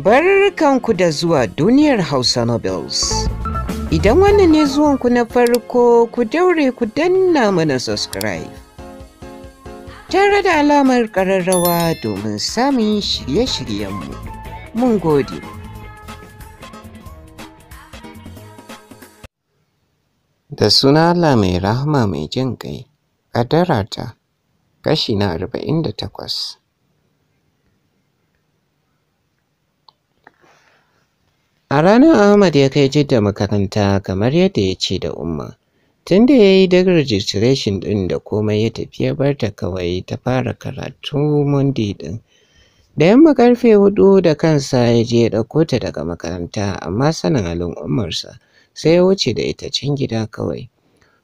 Barkanku da zuwa duniyar Hausa Nobles. Idan wannan ne zuwanku na farko ku daure ku danna mana subscribe. Tare da alamar ƙararrawa domin samun shirye-shiryenmu. Mun gode. Da suna Allah mai rahama mai jin ƙai, ƙadarata, kashi na arba'in da A ranar Ahmad ya kai Jidda makaranta kamar yadda ya ce da Umma. Tun da ya yi daga registration ɗin da komai ya tafi ya bar ta kawai ta fara karatu Monday ɗin. Da yamma karfe hudu da kansa ya je ya ɗauko ta daga makaranta amma sanin halin umarsa, sai ya wuce da ita can gida kawai.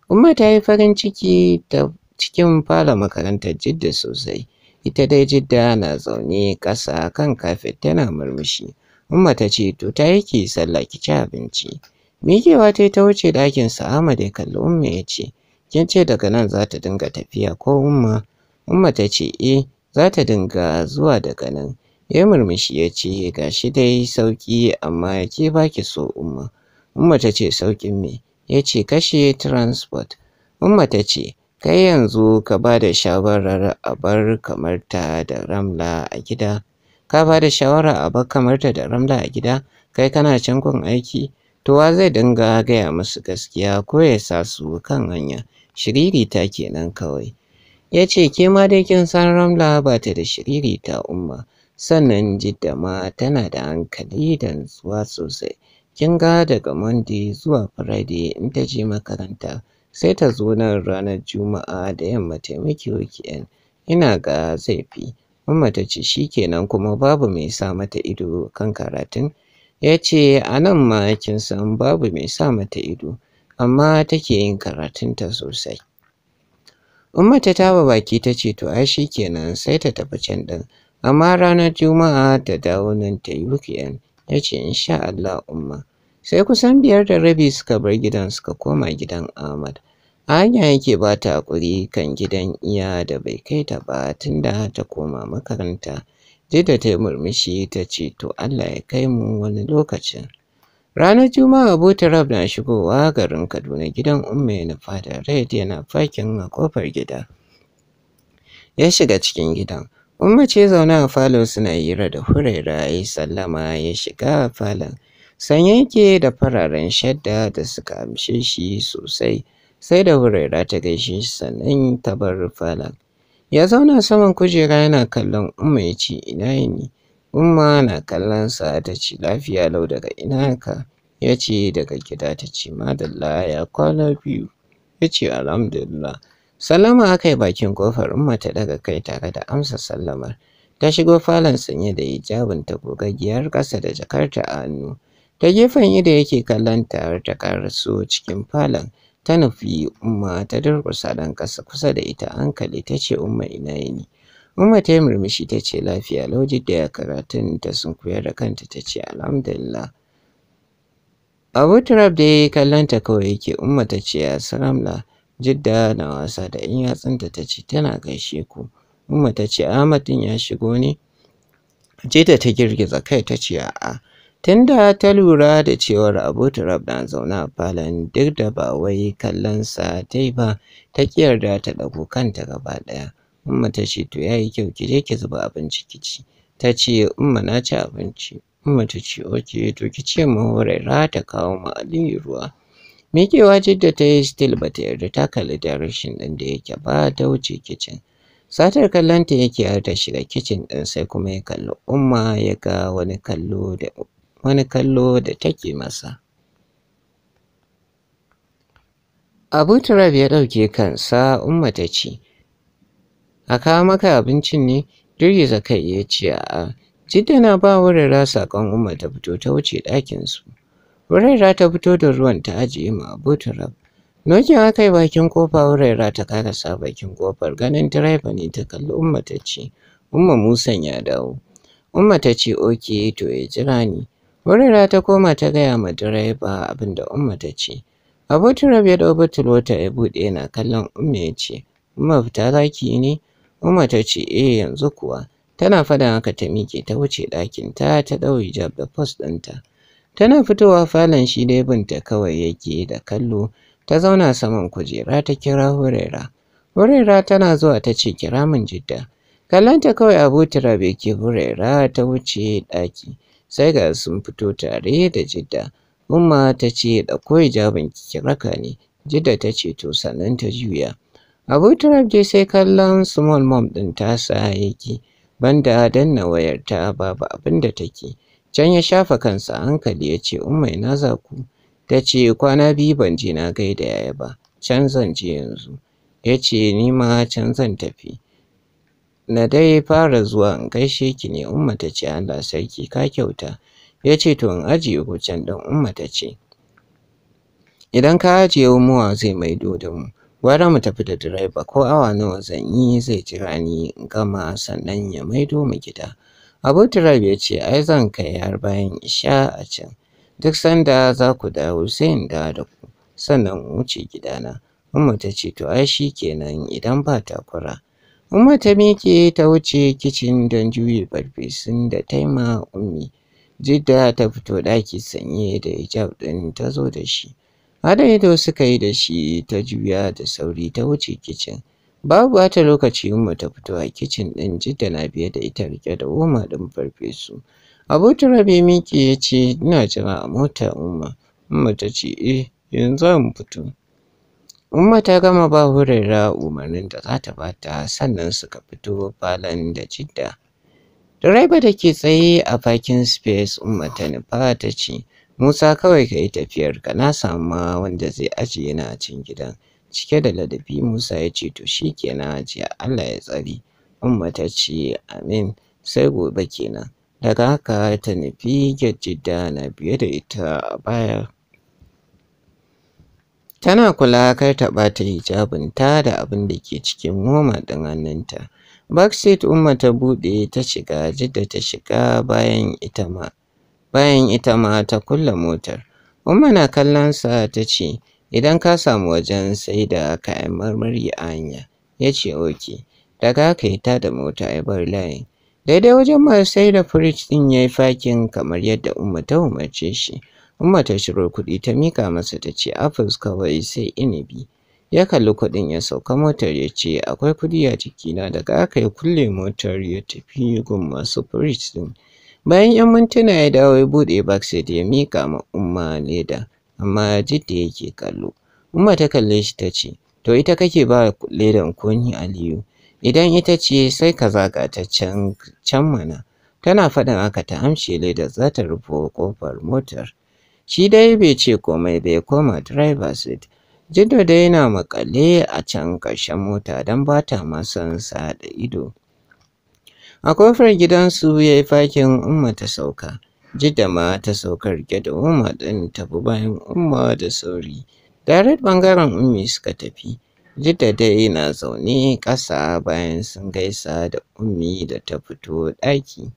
Umma ta yi farin ciki ta cikin fara makarantar Jidda sosai. Ita dai Jidda na zaune ƙasa kan kafet tana murmushi. Umma ta ce to ta yake sallah ki ci abinci. Mikewa ta ta wuce ɗakin sa Ahmad ya kalli Umma ya ce kin ce daga nan za ta dinga tafiya ko Umma? Umma ta ce eh za ta dinga zuwa daga nan. Ya murmushi ya ce ga shi dai sauki amma ke ba ki so Umma. Umma ta ce saukin me? Ya ce kashe transport. Umma ta ce kai yanzu ka ba da shawarar a bar kamar ta da Ramla a gida. Ka ba da shawara a bar kamarta da Ramla a gida, kai kana can gun aiki, to wa zai dinga gaya musu gaskiya ko ya sa su kan hanya, shiririta kenan kawai. Ya ce ke ma dai kin san Ramla ba ta da shiririta umma, sannan jidda ma tana da hankali da nutsuwa sosai. Kin ga daga Monday zuwa Friday in ta je makaranta sai ta zo nan ranar Juma'a da yamma taimaki weekend ina ga zai fi. Ummata ta ce shi kenan kuma babu mai sa mata ido kan karatun. Ya ce a nan ma kin san babu mai sa mata ido amma take yin karatunta sosai. Umma ta taba baki ta ce to ai shi kenan sai ta tafi can ɗin. Amma ranar Juma'a ta dawo nan ta yi wukiyan Ya ce insha Allah Umma. Sai kusan biyar da rabi suka bar gidan suka koma gidan Ahmad. A hanya yake ba ta haƙuri kan gidan iya da bai kai ta ba tunda ta koma makaranta. da ta yi murmushi ta ce to Allah ya kai mu wani lokacin. Ranar Juma'a Butarab na shigowa garin Kaduna gidan Umme na fada Red yana fakin a ƙofar gida. Ya shiga cikin gidan. Umma ce zaune a falon suna hira da huraira ya sallama ya shiga falon. Sanye yake da fararen shadda da suka amshe shi sosai. sai da Huraira ta gaishe shi sannan ta bar falon. Ya zauna saman kujera yana kallon Umma ya ce ina ne Umma na kallon sa ta ce lafiya lau daga ina ka. Ya ce daga gida ta ce madalla ya kwana biyu. Ya ce alhamdulillah. Sallama aka yi bakin kofar Umma ta daga kai tare da amsa sallamar. Ta shigo falon sanye da ta gogaggiyar ƙasa da jakarta a hannu. Ta gefen ido yake kallon ta har ta karaso cikin falon. ta nufi umma ta durƙusa don ƙasa kusa da ita hankali ta ce umma ina yini umma ta yi murmushi ta ce lafiya lauje da ya karatun ta sun koyar da kanta ta ce alhamdulillah abu turab da ya yi kallonta kawai yake umma ta ce ya saramla jidda na wasa da in yatsunta ta ce tana gaishe ku umma ta ce ahmad ya shigo ne jidda ta girgiza kai ta ce a'a Tunda ta lura da cewar Abu Turab na zauna falon duk da ba wai kallonsa ta yi ba, ta ƙi yarda ta ɗago kanta gaba ɗaya. Umma ta ce, to ya yi kyau, ki je ki zuba abinci ki ci. Ta ce, Umma na ci abinci. Umma ta ce, oke, to ki ce mu ra ta kawo ma Aliyu ruwa. Miƙewa jidda ta yi still ba ta yarda ta kalli direction ɗin da yake ba ta wuce kicin. satar kallonta yake har ta shiga kicin ɗin sai kuma ya kalli umma ya ga wani kallo da wani kallo da take masa. Abu Turab ya ɗauke kansa umma ce, A kawo maka abincin ne, girgiza kai ya ce a'a. Jidda na ba wurera saƙon umma ta fito ta wuce ɗakinsu. Wurera ta fito da ruwan ta ajiye ma Abu Turab. Nokin aka yi bakin kofa wurera ta sa bakin kofar ganin direba ne ta kalli umma ta ce, Umma Musan ya dawo. Umma ta ce, Oke, to ya jira ni. Barira ta koma ta gaya ma direba abin da Umma ta ce. Abokin ya ɗau butul wata ya buɗe yana kallon Umma ya ce, Umma fita zaki ne? Umma ta ce, eh yanzu kuwa. Tana faɗa haka ta miƙe ta wuce ɗakin ta ta ɗau hijab da fos ɗinta. Tana fitowa falon shi dai ta kawai yake da kallo ta zauna saman kujera ta kira Hurera. Hurera tana zuwa ta ce kira min jidda. Kallanta kawai abu turabe ke Hurera ta wuce ɗaki. sai ga sun fito tare da jidda umma ta ce ɗauko hijabin ki raka ne jidda ta ce to sannan ta juya abu dai sai kallon small mom ɗin ta sa yake banda danna wayar ta babu abin da take can ya shafa kansa hankali ya ce umma ina za ku ta ce kwana biyu ban je na gaida yaya ba can zan je yanzu ya ce ni ma can zan tafi Na dai fara zuwa in gaishe ki ne Umma ta ce Allah sarki ka kyauta. Ya ce to in ajiye can ɗin Umma ta ce. Idan ka ajiye muwa zai maido da mu. Gwara mu tafi da direba ko awa nawa zan yi zai jira ni in gama sannan ya maido mu gida. Abu direb ya ce ai zan kai har bayan isha a can. Duk sanda za ku dawo sai in dawo da ku sannan in wuce gidana. Umma ta ce to ai shi kenan idan ba takura. Umma ta miƙe ta wuce kicin don juye farfesun da ta ma ummi. Jidda ta fito ɗaki sanye da hijab ɗin ta zo da shi. Hada ido suka yi da shi ta juya da sauri ta wuce kicin. Babu wata lokaci Umma ta fito a kicin ɗin Jidda na biye da ita riƙe da Umma ɗin farfesu. Abokin Rabi miƙe ya ce ina jira a mota Umma. Umma ta ce eh yanzu za fito. Umma ta gama ba Huraira umarnin da za ta bata sannan suka fito falon da jidda. Direba da ke tsaye a bakin space Umma ta nufa ta ce, Musa kawai ka yi ka na samu wanda zai ajiye na a cikin gidan. Cike da ladabi Musa ya ce to shi kenan ajiya Allah ya tsari. Umma ta ce amin sai gobe kenan. Daga haka ta nufi jidda na biye da ita a baya. Tana kula kar ta ɓata hijabinta da abin da ke cikin moma ɗin hannunta. Backseat Umma ta buɗe ta shiga Jidda ta shiga bayan ita ma. Bayan ita ma ta kulle motar. Umma na kallon sa ta ce, idan ka samu wajen sai da kayan marmari a hanya. Ya ce oke. Daga haka ya da mota ya bar layin. daidai wajen ma sai da firij ɗin ya yi fakin kamar yadda Umma ta umarce shi. Umma ta shiro kuɗi ta mika masa ta ce apples kawai sai inibi. Ya kalli kuɗin ya sauka motar ya ce akwai kuɗi a jikina daga aka ya kulle motar ya tafi gun masu fridge din. Bayan 'yan mintuna ya dawo ya buɗe backseat ya mika ma Umma leda amma jidda yake kallo. Umma ta kalle shi ta ce to ita kake ba ledan ko ni Aliyu. Idan ita ce sai ka zaga ta can mana. Tana faɗin haka ta amshe leda, za ta rufe kofar motar. Shi dai bai ce komai ba ya koma driver seat. Jiddo dai yana maƙale a can ƙarshen mota don ba ta ma son sa da ido. A kofar gidansu ya yi fakin Umma ta sauka. Jidda ma ta saukar gida Umma ɗin tafi bayan Umma da sauri. Direct bangaren Ummi suka tafi. Jidda dai na zaune ƙasa bayan sun gaisa da Ummi da ta fito ɗaki.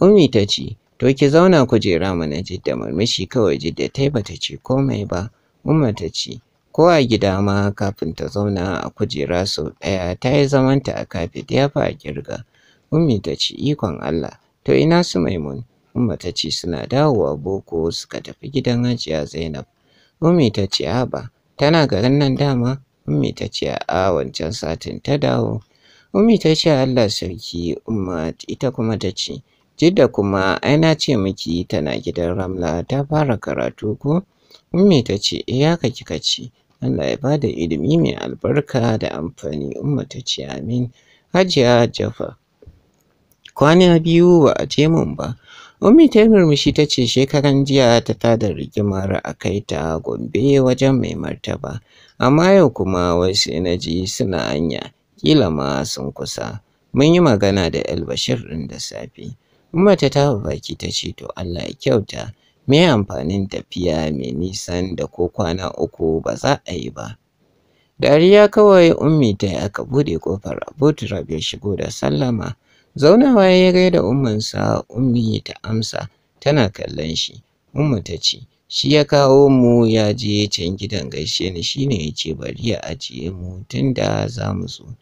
Ummi ta ce, To ki zauna kujera mana jidda murmushi kawai jidda tai yi bata ce komai ba, umma ta ce, ko a gida ma kafin ta zauna a kujera sau ɗaya ta yi zamanta a kafe ta yafa a kirga. Ummi ta ce ikon Allah, to ina su maimun? Umma ta ce suna dawowa boko suka tafi gidan hajiya Zainab. Ummi ta ce ba. tana garin nan dama? Ummi ta ce a wancan satin ta dawo. Ummi ta ce Allah sarki, Umma ita kuma ta ce Jidda kuma ai na ce miki tana gidan Ramla ta fara karatu ko? Ummi ta ce eh haka kika ce. Allah ya bada ilimi mai albarka da amfani Umma ta ce amin. Hajiya Jaffa. Kwana biyu ba a ce mun ba. Ummi ta murmushi ta ce shekaran jiya ta tada rigimar a kai ta Gombe wajen mai martaba. Amma yau kuma wai sai na ji suna hanya, kila ma sun kusa. Mun yi magana da Elbashir ɗin da safe. Mace ta baki ta ce to Allah ya kyauta me amfanin tafiya mai nisan da ko kwana uku ba za a yi ba. Dariya kawai ummi ta yi aka buɗe ƙofar Abuturab ya shigo da sallama. Zaunawa ya gaida ummansa ummi ta amsa tana kallon shi. Ummu ta ce shi ya kawo mu ya je can gidan gaishe ni shine ya ce bari ya ajiye mu tunda za mu zo.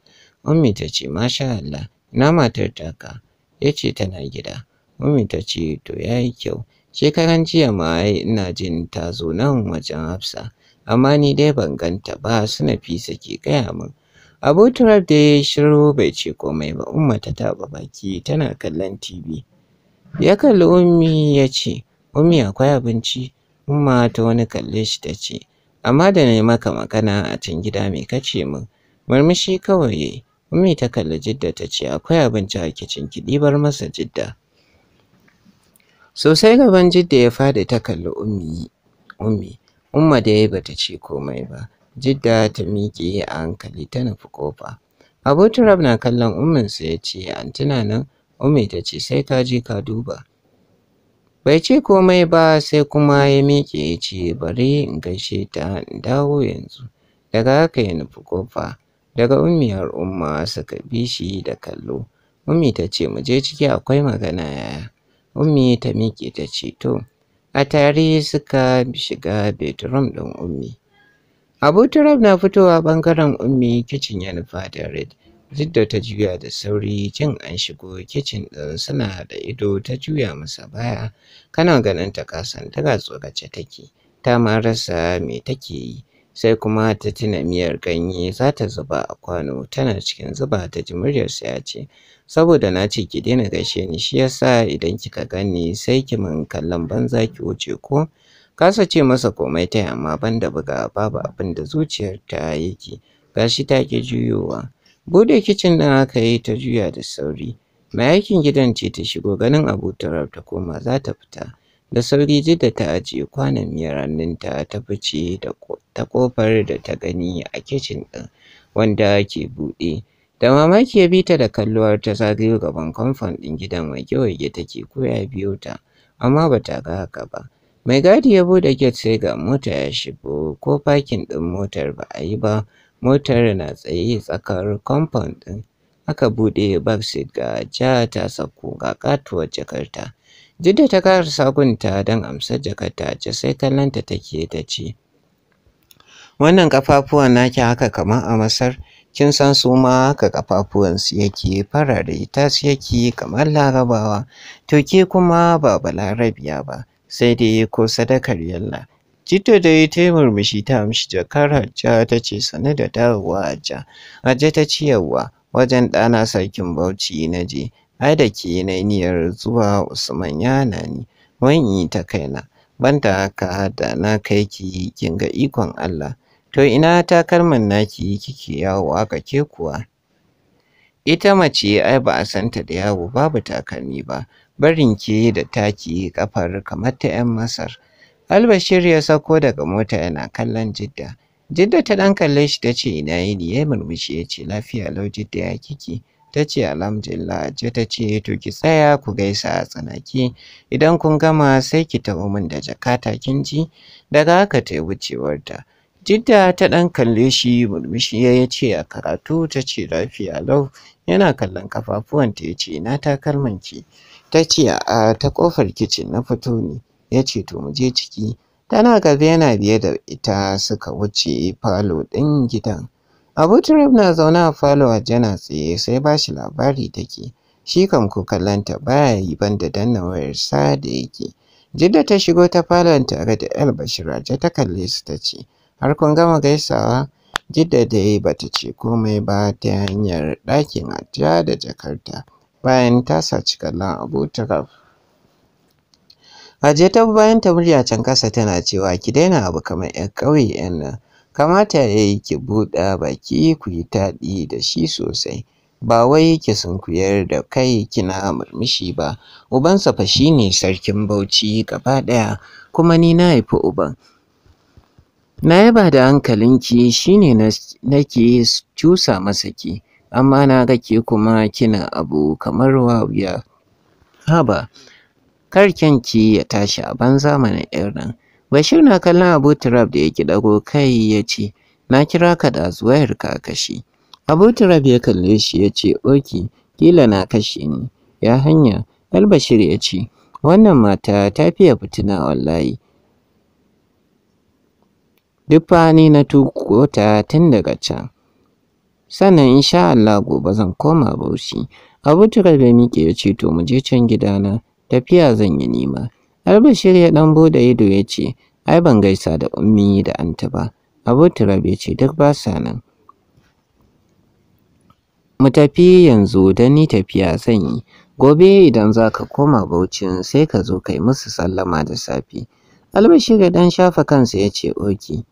Ummi ta ce masha Allah na matar taka. ya ce tana gida. Mummy ta ce to ya yi kyau. Shekaran jiya ma ai ina jin ta zo nan wajen Hafsa, amma ni dai ban ganta ba suna fisa ke gaya min. Aboturar da ya shiru bai ce komai ba, Umma ta taɓa baki tana kallon TV. Ya kalli Ummi ya ce, Ummi akwai abinci? Umma ta wani kalle shi ta ce, amma da na maka magana a can gida me kace min? Murmushi kawai yayi. Ummi ta kalli Jidda ta ce akwai abinci a kicin ki ɗibar masa Jidda. Sosai gaban Jidda ya fadi ta kalli Ummi. Ummi Umma dai bata ce komai ba. Jidda ta miƙe a hankali ta nufi ƙofa. Abu Turab na kallon umminsa ya ce antina nan Ummi ta ce sai ka je ka duba. Bai ce komai ba sai kuma ya miƙe ya ce bari in gaishe ta in dawo yanzu. Daga haka ya nufi ƙofa. daga ummiyar umma suka bi shi da kallo ummi ta ce mu je ciki akwai magana yaya ummi ta miƙe ta ce to a tare suka shiga bedroom ɗin ummi abu turab na fitowa ɓangaren ummi kicin ya nufa da red da ta juya da sauri jin an shigo kicin ɗin suna da ido ta juya masa baya kana ganin ta kasan tana tsorace take ta ma rasa me take yi sai kuma ta tuna miyar ganye za ta zuba a kwano tana cikin zuba ta ji muryarsa ya ce saboda na ce ki daina gaishe ni shi yasa idan kika gani sai ki min kallon banza ki wuce ko kasa ce masa komai ta amma banda buga babu abin da zuciyar ta yake gashi ta ke juyowa bude kicin din aka yi ta juya da sauri mai aikin gidan ce ta shigo ganin abu ta koma za ta fita Da sauri Jidda ta ajiye kwanon miyar hannunta ta fice ta ƙofar da ta gani a kicin ɗin wanda ke buɗe. Da mamaki ya bi ta da kallo ta zagayo gaban kamfan ɗin gidan wage-wage take ko ya biyo ta, amma ba ta ga haka ba. Mai gadi ya buɗe gate sai ga mota ya shigo ko fakin ɗin motar ba a yi ba, motar na tsaye tsakar kamfan ɗin. Aka buɗe backseat ga ja ta sauko ga katuwar jakarta. Jida ta kara sagunta don amsar jakarta ce sai kallonta take ta ce. Wannan kafafuwan naki haka kamar a Masar, kin san su ma haka kafafuwan su yake farare ta su yake kamar larabawa, to ke kuma ba balarabiya ba, sai dai ko sadakar yalla. Jidda yi ta yi murmushi ta amshi jakar hajja ta ce sane da dawowa hajja. Hajja ta ce yawwa wajen ɗana sarkin Bauchi na je. haida ke na niyyar zuwa Usman ya nani wani ta kaina banda haka da na kai ki kin ga ikon Allah to ina takalman naki kike yawo aka ke kuwa ita mace ai ba a santa da yawo babu takalmi ba barin ke da taki kafar kamar ta 'yan Masar Albashir ya sako daga mota yana kallon Jidda Jidda ta dan kalle shi tace ce ina yini ya murmushi yace lafiya lau Jidda ya kike ta ce alhamdulillah je ta ce to ki tsaya ku gaisa a tsanaki idan kun gama sai ki taɓa min da jakata kin ji daga haka ta yi wucewarta jidda ta ɗan kalle shi murmushi ya ce a karatu ta ce lafiya lau yana kallon kafafuwan ta ya ce na takalman ki ta ce a ta kofar kicin na fito ne ya ce to mu je ciki tana gaba yana biye da ita suka wuce falo ɗin gidan Abu na zaune a falo a jana tsaye sai ba shi labari take. Shi kam ko kallonta ya yi banda danna wayar sa da yake. Jidda ta shigo ta falon tare da El Bashira ta kalle su ta ce, Har kun gama gaisawa? Jidda da dai ta ce komai ba ta hanyar ɗakin ajiya da jakarta bayan ta saci kallon Abu Turab. Hajiya ta bayan ta murya can kasa tana cewa ki daina abu kamar 'yan ƙauye 'yan nan. Kamata ya yi ki buɗa baki ku yi taɗi da shi sosai, ba wai ki sunkuyar da kai kina murmushi ba. Ubansa fa shi sarkin Bauchi gaba ɗaya, kuma ni na haifi uban. Na yaba da hankalinki shi ne nake cusa masa ki, amma na ga ke kuma kina abu kamar wawiya. Haba, kar ya tashi a banza mana irin. Bashir na kallon Abu Turab da yake ɗago kai ya ce, Na kira ka da wayar ka kashe. Abu Turab ya kalle shi ya ce, Oke, kila na kashe ni. Ya hanya, Al Bashir ya ce, Wannan mata ta fiye fitina wallahi. Duk ni na ta tun daga can. Sannan insha Allah gobe zan koma Bauchi. Abu Turab ya miƙe ya ce, To mu je can gidana, tafiya zan yi nima. Arbashir ya ɗan buɗe ido ya ce, ai ban gaisa da ummi da anta ba. Abu Turab ya ce duk ba sa nan. Mu tafi yanzu don ni tafiya zan yi. Gobe idan za ka koma Bauchin sai ka zo kai musu sallama da safe. Albashir ya ɗan shafa kansa ya ce oki.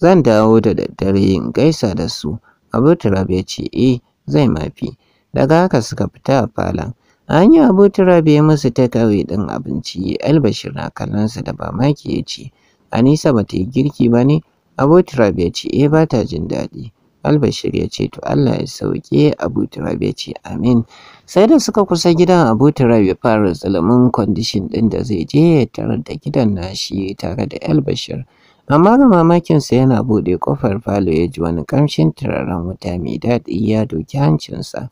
Zan dawo da daddare in gaisa da su. Abu Turab ya ce eh zai mafi. Daga haka suka fita a falon. An yi abu turab ya musu kawai ɗin abinci, albashir na kallonsa da mamaki ya ce, Anisa ba ta yi girki ba ne? Abu turab ya ce, eh ba ta jin daɗi. Albashir ya ce, To Allah ya sauke, Abu Turab ya ce, Amin. Sai da suka kusa gidan Abu Turab ya fara zulumin kwandishin ɗin da zai je ya tarar da gidan na shi tare da Albashir. Amma ga mamakinsa yana buɗe ƙofar falo ya ji wani ƙamshin turaren wuta mai daɗi ya doki hancinsa.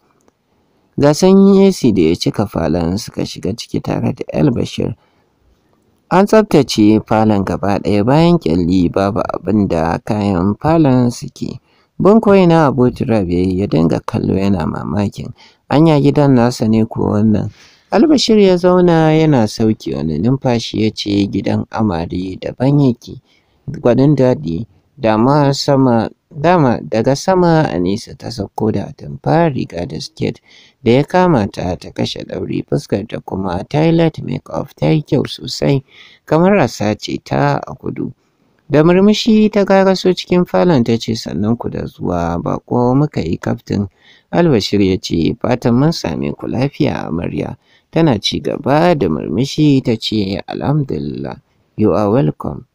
Gasan sanyin AC da ya cika falon suka shiga ciki tare da El Bashir. An tsaftace falon gaba ɗaya bayan kyalli babu abin da kayan falon suke. Bankwai na abuti rabe ya dinga kallo yana mamakin. Anya gidan nasa ne ko wannan? Albashir ya zauna yana sauki wani numfashi ya ce gidan amare daban yake. Gwanin daɗi, da ma sama dama daga sama Anisa ta sauko da atamfa riga da siket da ya kama ta ta kashe ɗauri fuskar ta kuma toilet make of ta yi kyau sosai kamar rasa ce ta a kudu. Da murmushi ta so cikin falon ta ce sannan ku da zuwa bako muka yi kaftin Albashir ya ce fatan mun same ku lafiya amarya tana ci gaba da murmushi ta ce alhamdulillah you are welcome.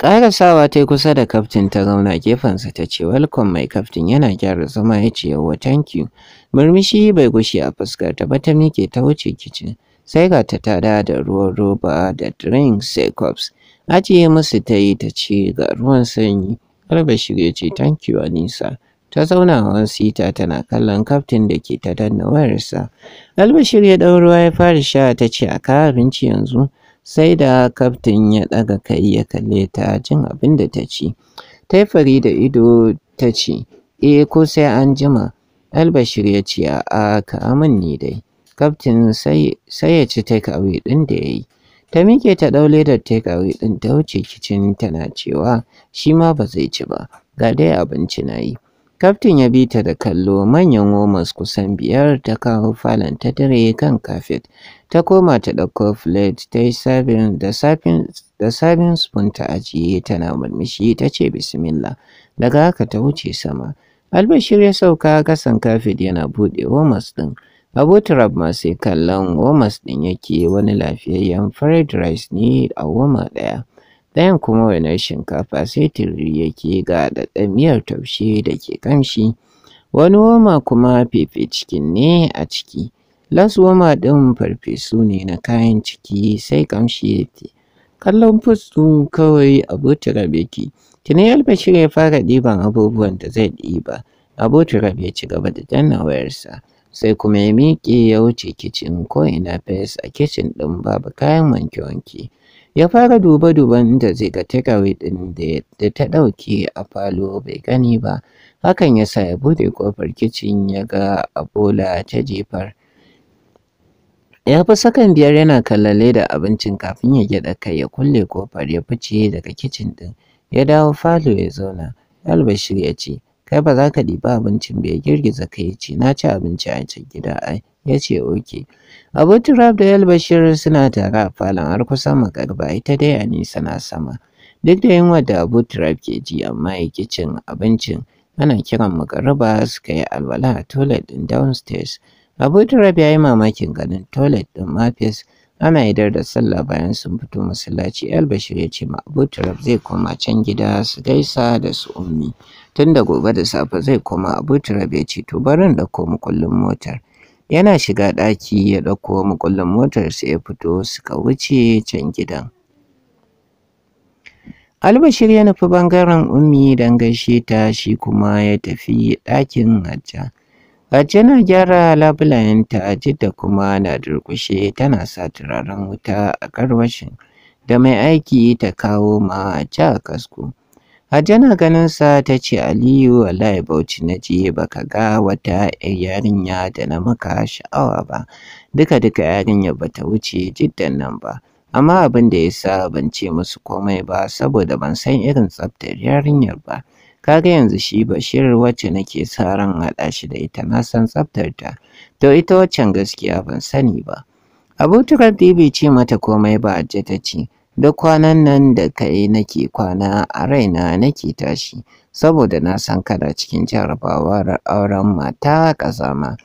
Ƙarasawa ta yi kusa da kaftin ta zauna gefensa ta ce, Welcome mai kaftin yana gyara zama ya ce, Yawwa, thank you. Murmushi bai gushe a fuskar ta ba ta miƙe ta wuce kicin. Sai ga ta tada da ruwan roba da drink sai cups. Ajiye musu ta yi ta ce ga ruwan sanyi. Arbashir ya ce, Thank you, Anisa. ta zauna a wani sita tana kallon kaftin da ke ta danna wayarsa. Albashir ya ɗau ruwa ya fara sha ta ce a kawo abinci yanzu. sai da kaftin ya ɗaga kai ya kalle ta jin abin da ta ci. Ta yi fari da ido ta ce, E ko sai an jima, Albashir ya ce a ka ni dai. Kaftin sai ya ci take away ɗin da ya yi. Ta miƙe ta ɗau ledar take away ɗin ta wuce kicin tana cewa shi ma ba zai ci ba, ga dai abinci na yi. Kaftin ya bi ta da kallo manyan womas kusan biyar ta kawo falon ta dare kan kafet. Ta koma ta ɗauko plate ta yi sabin da sabin da spoon ta ajiye tana murmushi ta ce bismillah. Daga haka ta wuce sama. Albashir ya sauka kasan kafet yana buɗe womas ɗin. Abuturab ma sai kallon womas ɗin yake wani lafiyayyen fried rice ne a woma ɗaya. ɗayan kuma wainar shinkafa sai tururi yake ga daɗa miyar taushe da ke kamshi wani woma kuma fefe cikin ne a ciki las woma ɗin farfesu ne na kayan ciki sai kamshi yake kallon fustu kawai abotura beki tunai albashir ya fara ɗiban abubuwan da zai ɗiba abotura ya ci gaba da danna wayarsa sai kuma ya miƙe ya wuce kicin ko ina fes a kicin ɗin babu kayan wanke-wanke ya fara duba-duban da zai ga takeaway ɗin da ta ɗauke a falo bai gani ba hakan ya sa ya bude kofar kicin ya ga abola ta jefar ya fi sakan biyar yana kallon leda abincin kafin ya gyaɗa kai ya kulle kofar ya fice daga kicin ɗin ya dawo falo ya zauna albashir ya ce kai ba za ka ɗiba abincin ba ya girgiza kai ce na ci abinci a can gida ai ya ce oke. Abu Turab da Yalbashir suna tare a falon har kusan magarba ita dai a nisa na sama. Duk da yunwa da Abu Turab ke ji amma yake cin abincin ana kiran magarba suka yi alwala a toilet ɗin downstairs. Abu Turab ya yi mamakin ganin toilet ɗin mafis ana idar da sallah bayan sun fito masallaci Yalbashir ya ce ma Abu Turab zai koma can gida su gaisa da su ummi. Tun da gobe da safe zai koma Abu Turab ya ce to barin da komu kullum motar. yana shiga ɗaki ya ɗauko mukullin motarsa ya fito suka wuce can gidan albashir ya nufi ɓangaren ummi don gaishe ta shi kuma ya tafi ɗakin hajja hajja na gyara labulayenta jidda kuma na durƙushe tana sa turaren wuta a karwashin da mai aiki ta kawo ma hajja kasko ganin sa ta ce Aliyu wallahi Bauchi na je baka ga wata yarinya da na maka sha'awa ba. Duka duka yarinya ba ta wuce jiddan nan ba. Amma abin da yasa ban ce musu komai ba saboda ban san irin tsaftar yarinyar ba. Kaga yanzu shi Bashir wacce nake sa ran haɗa shi da ita na san tsaftar ta. To ita waccan gaskiya ban sani ba. Abu Turar ce mata komai ba Hajja ta ce. Duk kwanan nan da kai nake kwana a raina nake tashi, saboda na san kada cikin jarabawar auren mata ƙazama.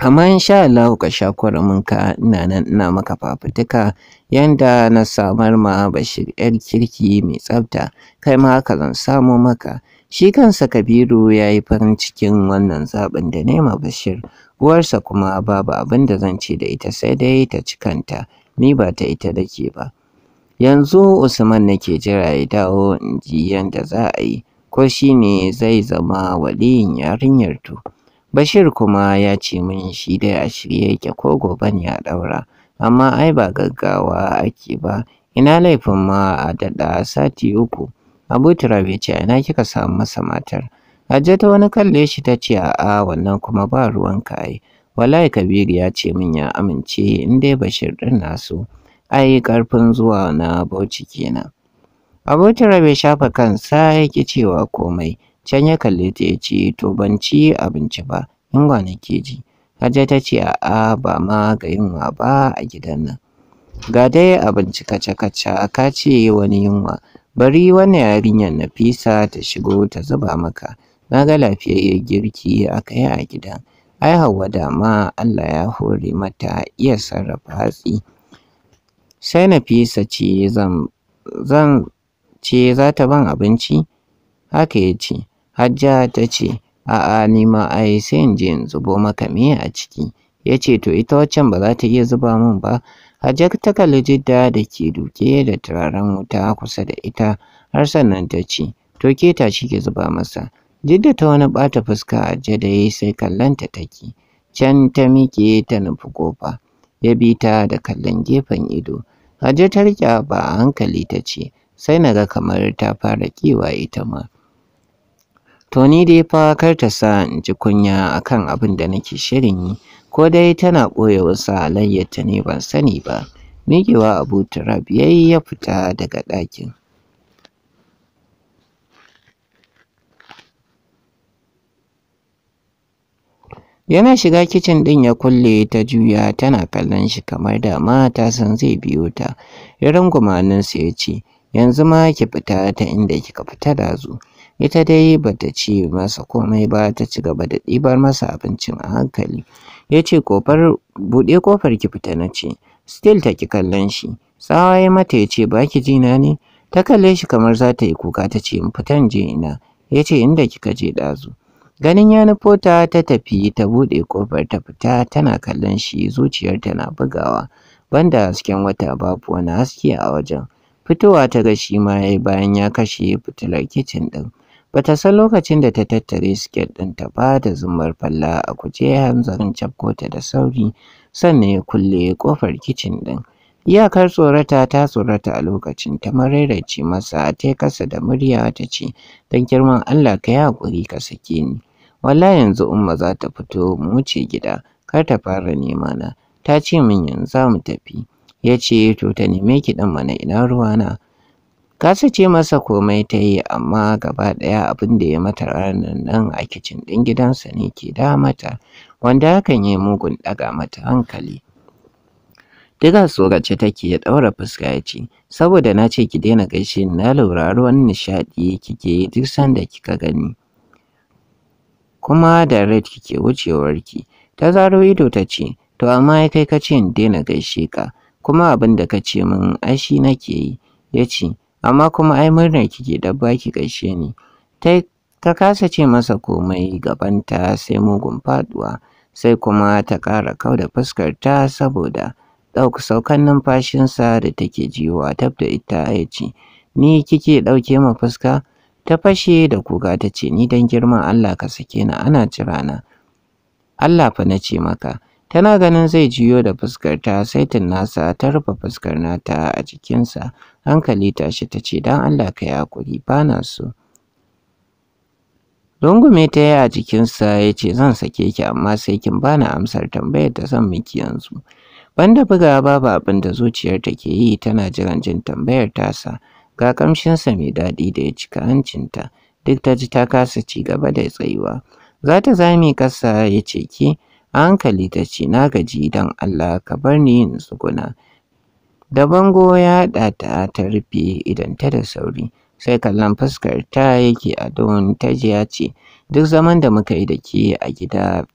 amma in sha Allah ka sha ka ina nan ina maka fafutuka yanda na samar ma Bashir yar kirki mai tsafta kai ma haka zan samo maka shi kansa Kabiru ya yi farin cikin wannan zaɓin da nema Bashir uwarsa kuma babu abinda zan ce da ita sai dai ta ci kanta ni ba ta ita dake ba yanzu Usman nake jira ya dawo in ji yadda za a yi ko shi ne zai zama waliyin yarinyar to. Bashir kuma ya ce min shi dai a shirye yake ko gobe ne a ɗaura, amma ai ba gaggawa ake ba, ina laifin ma a daɗa sati uku. Abu Turab ce ina kika samu masa matar. Hajja ta wani kalle shi ta ce a'a wannan kuma ba ruwan kai Wallahi Kabiru ya ce min ya amince in dai Bashir ɗin na so. ai ƙarfin zuwa na Bauchi kenan. Abokira bai shafa kansa ya ƙi cewa komai, can ya kalli ta ya ce to ban ci abinci ba, in nake ji. Hajja ta ce a'a ba ma ga yunwa ba a gidan nan. Ga dai abinci kaca-kaca ka ce wani yunwa, bari wani yarinyar Nafisa ta shigo ta zuba maka. Na ga lafiyayyen girki aka yi a gidan. Ai Hauwa dama Allah ya hore mata iya sarrafa hatsi. sai Nafisa ce zan ce za ta ban abinci? Haka ya ce, Hajja ta ce, a'a nima ma ai sai in je in zubo maka miya a ciki. Ya ce to ita waccan ba za ta iya zuba min ba. Hajja ta kalli jidda da ke duke da turaren wuta kusa da ita har sannan ta ce, to ke ta shi ke zuba masa. Jidda ta wani bata fuska Hajja da ya sai kallanta take. Can ta miƙe ta nufi ƙofa. ya bi ta da kallon gefen ido. Hajiya ta riƙe ba a hankali ta ce, sai na ga kamar ta fara kewa ita ma. To ni dai fa kar ta sa in ji kunya akan abin da nake shirin yi, ko dai tana ɓoye wasu halayyarta ne ban sani ba. Miƙewa Abu Turab ya yi ya fita daga ɗakin. Yana shiga kicin ɗin ya kulle ta juya tana kallon shi kamar da ma ta san zai biyo ta. Ya runguma hannunsa ya ce, yanzu ma ki fita ta inda kika fita dazu. Ita dai bata ce masa komai ba ta ci gaba da ɗibar masa abincin a hankali. Ya ce kofar buɗe kofar ki fita na ce, still ta ki kallon shi. Tsawa ya mata ya ce ba ki jina ne? Ta kalle shi kamar za ta yi kuka ta ce in fitan je ina. Ya ce inda kika je ɗazu. Ganin ya nufo ta ta tafi ta buɗe ƙofar ta fita tana kallon shi zuciyarta na bugawa banda hasken wata babu wani haske a wajen. Fitowa ta ga shi ma yayi bayan ya kashe fitilar kicin ɗin. Bata san lokacin da ta tattare siket ta ba da zumar falla a kuje hanzarin cafkota da sauri sannan ya kulle ƙofar kicin ɗin. Iyakar tsorata ta tsorata a lokacin ta mararaice masa ta kasa da murya ta ce, don girman Allah ka yi haƙuri ka sake ni. Wallahi yanzu Umma za ta fito mu wuce gida, kar ta fara nema na. Ta ce min yanzu za mu tafi. Ya ce to ta neme ki mana ina ruwana. Kasa ce masa komai ta yi amma gaba ɗaya abin da ya mata ranar nan a kicin ɗin gidansa ne ke da mata, wanda hakan ya yi mugun ɗaga mata hankali. Diga tsorace take ya ɗaura fuska ya ce, saboda na ce ki daina gaishe na lura ruwan nishaɗi kike yi duk sanda kika gani. kuma da red kike wucewarki ta zaro ido ta ce to amma ya kai kace in daina gaishe ka kuma abin da ka ce min ai shi nake yi ya ce amma kuma ai murnar kike da baki gaishe ni ta ta kasa ce masa komai gabanta sai mugun faduwa sai kuma ta ƙara kau da ta saboda ɗauka saukan numfashinsa da take jiwa tab da ita ya ce ni kike ɗauke ma fuska ta fashe da kuga ta ce ni dan girman Allah ka sake ni ana jira na Allah fa nace maka tana ganin zai jiyo da fuskar ta saitin nasa ta rufe fuskar nata a jikinsa hankali tashi ta ce dan Allah ka yi hakuri ba na so Rungume ta yi a jikinsa ya ce zan sake ki amma sai kin bani amsar tambayar da zan miki yanzu. Banda buga babu abin da zuciyar ta ke yi tana jiran jin tambayar tasa ga ƙamshinsa mai daɗi da ya cika hancinta duk ta ji ta kasa ci gaba da tsayuwa za ta zame kasa ya ce ki a hankali ta ci na gaji don Allah ka bar ni yin tsuguna da bango ya haɗa ta ta rufe idan ta da sauri sai kallon fuskar ta yake a don ta ji ya ce duk zaman da muka yi da ke a gida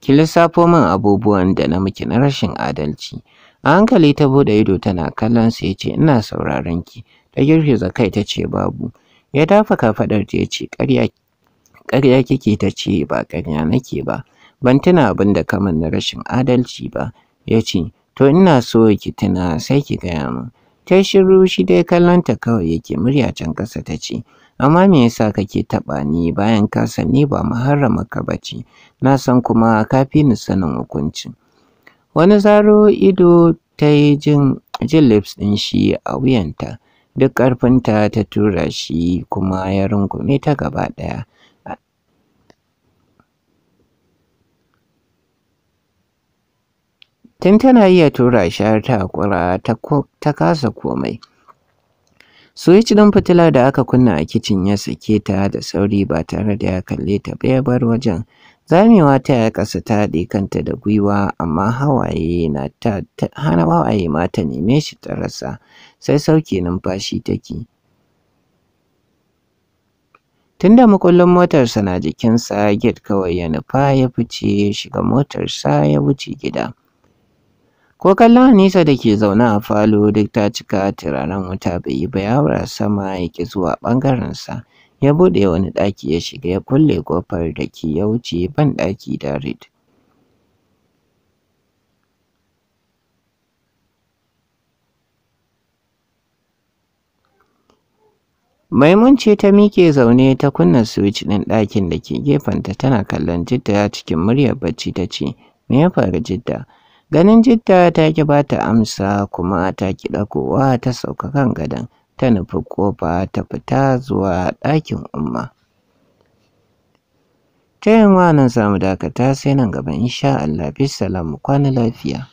ki lissafo min abubuwan da na miki na rashin adalci A hankali ta buɗe ido tana kallon sa ya ce ina sauraron ki. Ta girgiza kai ta ce babu. Ya dafa kafaɗar ta ya ce ƙarya kike ta ce ba ƙarya nake ba. Ban tuna abin da kamar na rashin adalci ba. Ya ce to ina so ki tuna sai ki gaya min. Ta shiru shi dai kallon ta kawai yake murya can ƙasa ta ce amma me yasa kake taɓa ni bayan ka san ni ba muharrama ka bace na san kuma ka fi ni sanin hukuncin. wani zaro ido ta yi jin jin lips ɗin shi a wuyanta duk ƙarfinta ta tura shi kuma ya rungume ta gaba ɗaya tun tana iya tura shi har ta haƙura ta kasa komai Switch ɗin fitilar da aka kunna a kicin ya sake ta da sauri ba tare da ya kalle ta ba ya bar wajen. Zamewa ta ya ƙasa ta haɗe kanta da gwiwa amma hawaye na ta hana hawaye ma ta neme shi ta rasa sai sauke numfashi take. Tunda makullin motarsa na jikinsa get kawai ya nufa ya fice shiga motarsa ya wuce gida. Ko kallon Anisa da ke zaune a falo duk ta cika turaren wuta bai yi ba ya sama ya ƙi zuwa ɓangarensa. ya buɗe wani ɗaki ya shiga ya kulle ƙofar da ke ya wuce ban ɗaki direct. Maimun ce ta mike zaune ta kunna switch ɗin ɗakin da ke gefenta tana kallon Jidda cikin muryar bacci ta ce, Me ya faru Jidda? Ganin Jidda ta ki ba ta amsa kuma ta ki ɗagowa ta sauka kan gadon. ta nufi ƙofa ta fita zuwa ɗakin umma. Ta wa nan samu dakata sai nan gaba insha Allah. Bisalamu kwana lafiya.